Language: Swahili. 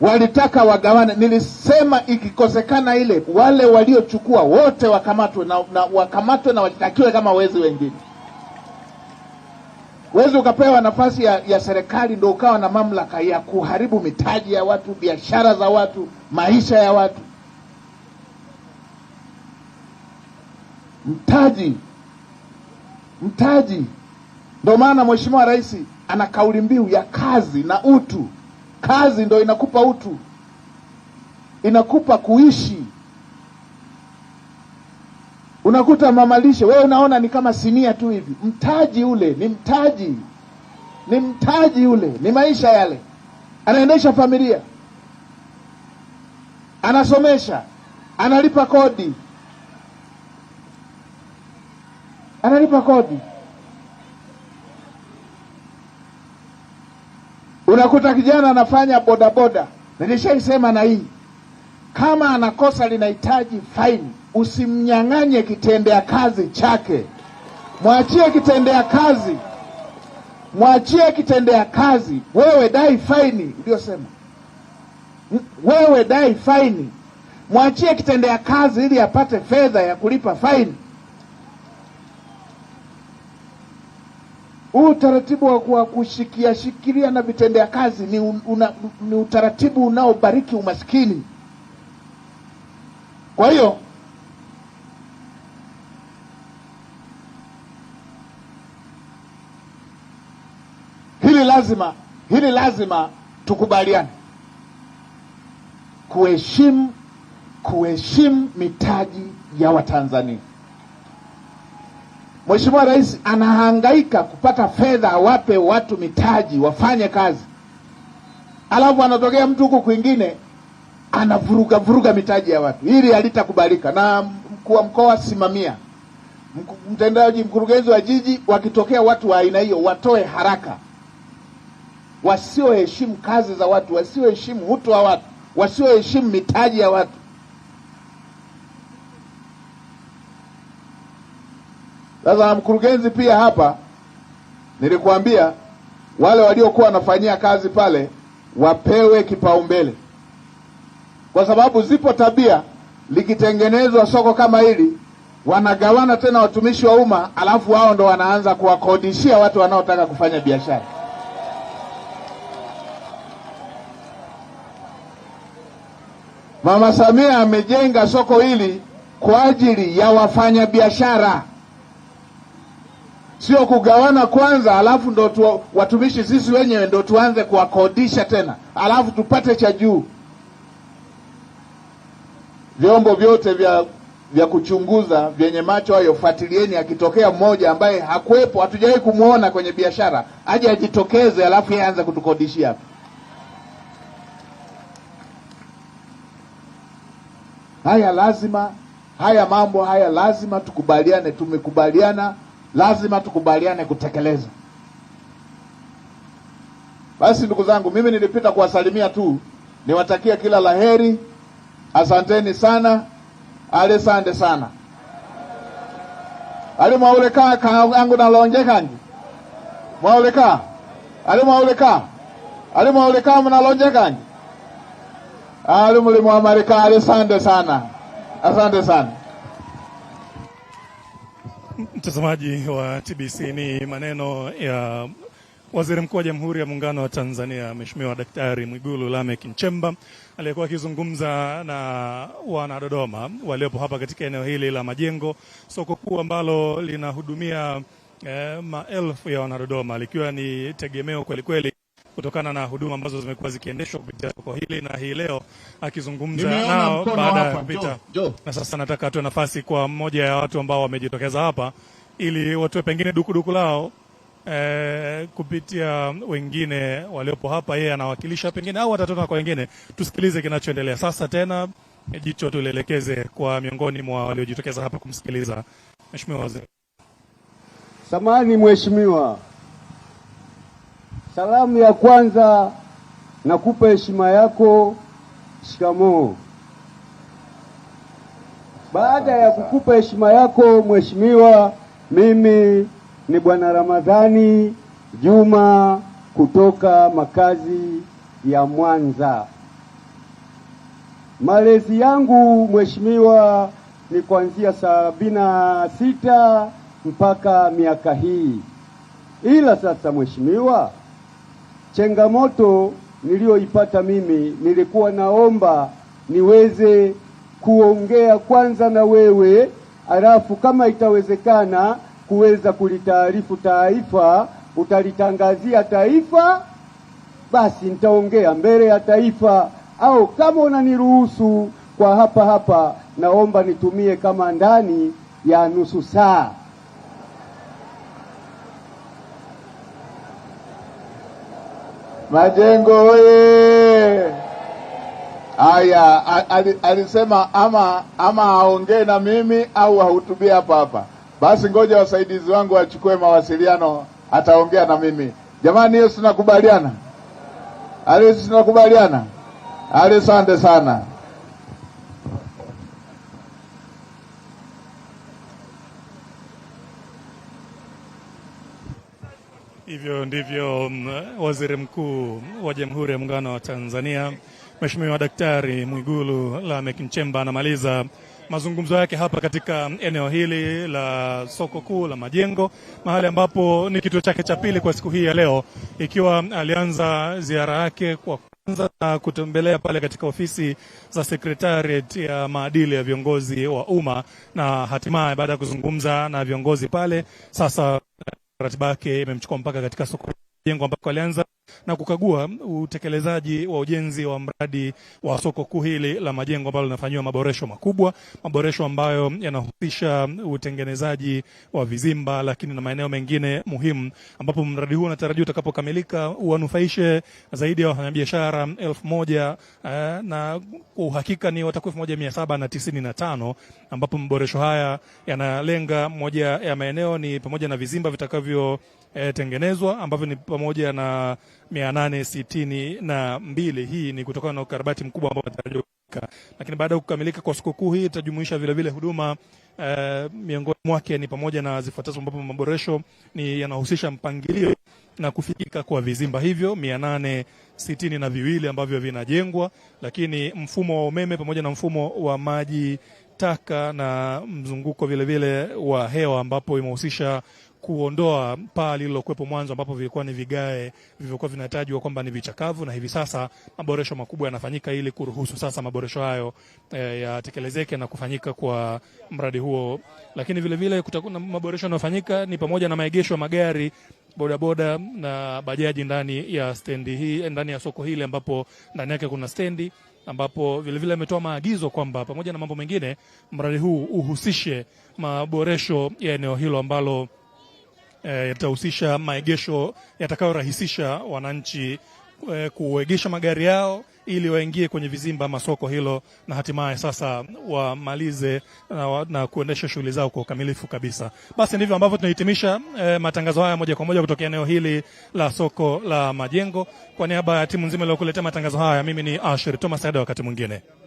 walitaka wagawane. Nilisema ikikosekana ile, wale waliochukua wote wakamatwe na, na wakamatwe na washtakiwe kama wezi wengine. Wezi ukapewa nafasi ya, ya serikali ndo ukawa na mamlaka ya kuharibu mitaji ya watu, biashara za watu, maisha ya watu. Mtaji, mtaji. Ndio maana Mheshimiwa Rais ana kauli mbiu ya kazi na utu. Kazi ndo inakupa utu, inakupa kuishi. Unakuta mamalishe, wewe unaona ni kama sinia tu hivi. Mtaji ule ni mtaji, ni mtaji ule, ni maisha yale. Anaendesha familia, anasomesha, analipa kodi, analipa kodi. Unakuta kijana anafanya bodaboda, nilishaisema na hii, kama anakosa linahitaji faini, usimnyang'anye kitendea kazi chake, mwachie kitendea kazi, mwachie kitendea kazi. Wewe dai faini uliosema, wewe dai faini, mwachie kitendea kazi ili apate fedha ya kulipa faini. Huu utaratibu wa kushikia shikilia na vitendea kazi ni, una, ni utaratibu unaobariki umaskini. Kwa hiyo hili lazima hili lazima tukubaliane kuheshimu kuheshimu mitaji ya Watanzania. Mheshimiwa Rais anahangaika kupata fedha, awape watu mitaji wafanye kazi, alafu anatokea mtu huku kwingine anavuruga vuruga mitaji ya watu. Hili halitakubalika. Na mkuu wa mkoa simamia, mtendaji, mkurugenzi wa jiji, wakitokea watu wa aina hiyo watoe haraka, wasioheshimu kazi za watu, wasioheshimu utu wa watu, wasioheshimu mitaji ya watu Sasa na mkurugenzi pia hapa nilikuambia wale waliokuwa wanafanyia kazi pale wapewe kipaumbele, kwa sababu zipo tabia, likitengenezwa soko kama hili wanagawana tena watumishi wa umma, alafu wao ndo wanaanza kuwakodishia watu wanaotaka kufanya biashara. Mama Samia amejenga soko hili kwa ajili ya wafanyabiashara sio kugawana kwanza, alafu ndo tu, watumishi sisi wenyewe ndo tuanze kuwakodisha tena, alafu tupate cha juu. Vyombo vyote vya vya kuchunguza vyenye macho hayo, fuatilieni. Akitokea mmoja ambaye hakuwepo, hatujawahi kumwona kwenye biashara, aje ajitokeze, alafu yeye aanze kutukodishia hapa. Haya lazima, haya mambo haya lazima tukubaliane. Tumekubaliana lazima tukubaliane kutekeleza. Basi ndugu zangu, mimi nilipita kuwasalimia tu, niwatakia kila laheri. Asanteni sana, sande sana ali mwauleka kangu nalonjekangi mwauleka ali mwauleka ali mwauleka mnalonjekangi ali mlimu wa Marekani, Asante sana, asante sana. Mtazamaji wa TBC, ni maneno ya Waziri Mkuu wa Jamhuri ya Muungano wa Tanzania Mheshimiwa Daktari Mwigulu Lameck Nchemba aliyekuwa akizungumza na wanadodoma waliopo hapa katika eneo hili la Majengo, soko kuu ambalo linahudumia eh, maelfu ya wanadodoma likiwa ni tegemeo kwelikweli kutokana na huduma ambazo zimekuwa zikiendeshwa kupitia soko hili, na hii leo akizungumza nao baada ya kupita. Na sasa nataka atoe nafasi kwa mmoja ya watu ambao wamejitokeza hapa ili watoe pengine dukuduku lao eh, kupitia wengine waliopo hapa, yeye anawakilisha pengine au atatoka kwa wengine. Tusikilize kinachoendelea sasa. Tena jicho tulielekeze kwa miongoni mwa waliojitokeza hapa kumsikiliza Mheshimiwa Waziri. Samahani mheshimiwa Salamu ya kwanza nakupa heshima yako, shikamoo. Baada ya kukupa heshima yako mheshimiwa, mimi ni bwana Ramadhani Juma kutoka makazi ya Mwanza. Malezi yangu mheshimiwa ni kuanzia sabini na sita mpaka miaka hii, ila sasa mheshimiwa Changamoto niliyoipata mimi, nilikuwa naomba niweze kuongea kwanza na wewe, alafu kama itawezekana kuweza kulitaarifu taifa, utalitangazia taifa, basi nitaongea mbele ya taifa, au kama unaniruhusu kwa hapa hapa, naomba nitumie kama ndani ya nusu saa. Majengo oye! Aya, alisema ama ama aongee na mimi au ahutubie hapa hapa. Basi ngoja wasaidizi wangu wachukue mawasiliano, ataongea na mimi. Jamani, hiyo tunakubaliana? Tunakubaliana? Alisante sana. Hivyo ndivyo um, waziri mkuu wa Jamhuri ya Muungano wa Tanzania Mheshimiwa Daktari Mwigulu Lameck Nchemba anamaliza mazungumzo yake hapa katika eneo hili la soko kuu la Majengo, mahali ambapo ni kituo chake cha pili kwa siku hii ya leo, ikiwa alianza ziara yake kwa kwanza na kutembelea pale katika ofisi za sekretariat ya maadili ya viongozi wa umma, na hatimaye baada ya kuzungumza na viongozi pale sasa ratiba yake imemchukua mpaka katika soko jengo ambako alianza na kukagua utekelezaji wa ujenzi wa mradi wa soko kuu hili la majengo ambalo linafanyiwa maboresho makubwa, maboresho ambayo yanahusisha utengenezaji wa vizimba, lakini na maeneo mengine muhimu, ambapo mradi huu unatarajiwa utakapokamilika uwanufaishe zaidi ya wafanyabiashara elfu moja eh, na kwa uhakika ni watakuwa elfu moja mia saba na tisini na tano ambapo maboresho haya yanalenga, moja ya maeneo ni pamoja na vizimba vitakavyotengenezwa eh, ambavyo ni pamoja na mia nane sitini na mbili. Hii ni kutokana na ukarabati mkubwa ambao unatarajiwa kukamilika, lakini baada ya kukamilika kwa sikukuu hii itajumuisha vilevile huduma Uh, miongoni mwake ni pamoja na zifuatazo ambapo maboresho ni yanahusisha mpangilio na kufikika kwa vizimba hivyo mia nane sitini na viwili ambavyo vinajengwa, lakini mfumo wa umeme pamoja na mfumo wa maji taka na mzunguko vilevile vile wa hewa ambapo imehusisha kuondoa paa lililokuwepo mwanzo ambapo vilikuwa ni vigae vilivyokuwa vinatajwa kwamba ni vichakavu, na hivi sasa maboresho makubwa yanafanyika ili kuruhusu sasa maboresho hayo e, yatekelezeke na kufanyika kwa mradi huo. Lakini vile vile kutakuwa na maboresho yanayofanyika ni pamoja na maegesho ya magari bodaboda na bajaji ndani ya stendi hii, eh, ndani ya soko hili ambapo ndani yake kuna stendi ambapo vilevile ametoa maagizo kwamba pamoja na mambo mengine mradi huu uhusishe maboresho ya eneo hilo ambalo e, maegesho yatakayorahisisha wananchi e, kuegesha magari yao ili waingie kwenye vizimba ama soko hilo na hatimaye sasa wamalize na, na kuendesha shughuli zao kwa ukamilifu kabisa. Basi ndivyo ambavyo tunahitimisha e, matangazo haya moja kwa moja kutoka eneo hili la soko la Majengo. Kwa niaba ya timu nzima iliyokuletea matangazo haya, mimi ni Ashir Thomas. Hadi wakati mwingine.